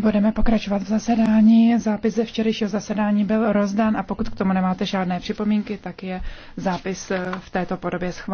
Budeme pokračovat v zasedání. Zápis ze včerejšího zasedání byl rozdán a pokud k tomu nemáte žádné připomínky, tak je zápis eh, v této podobě schválen.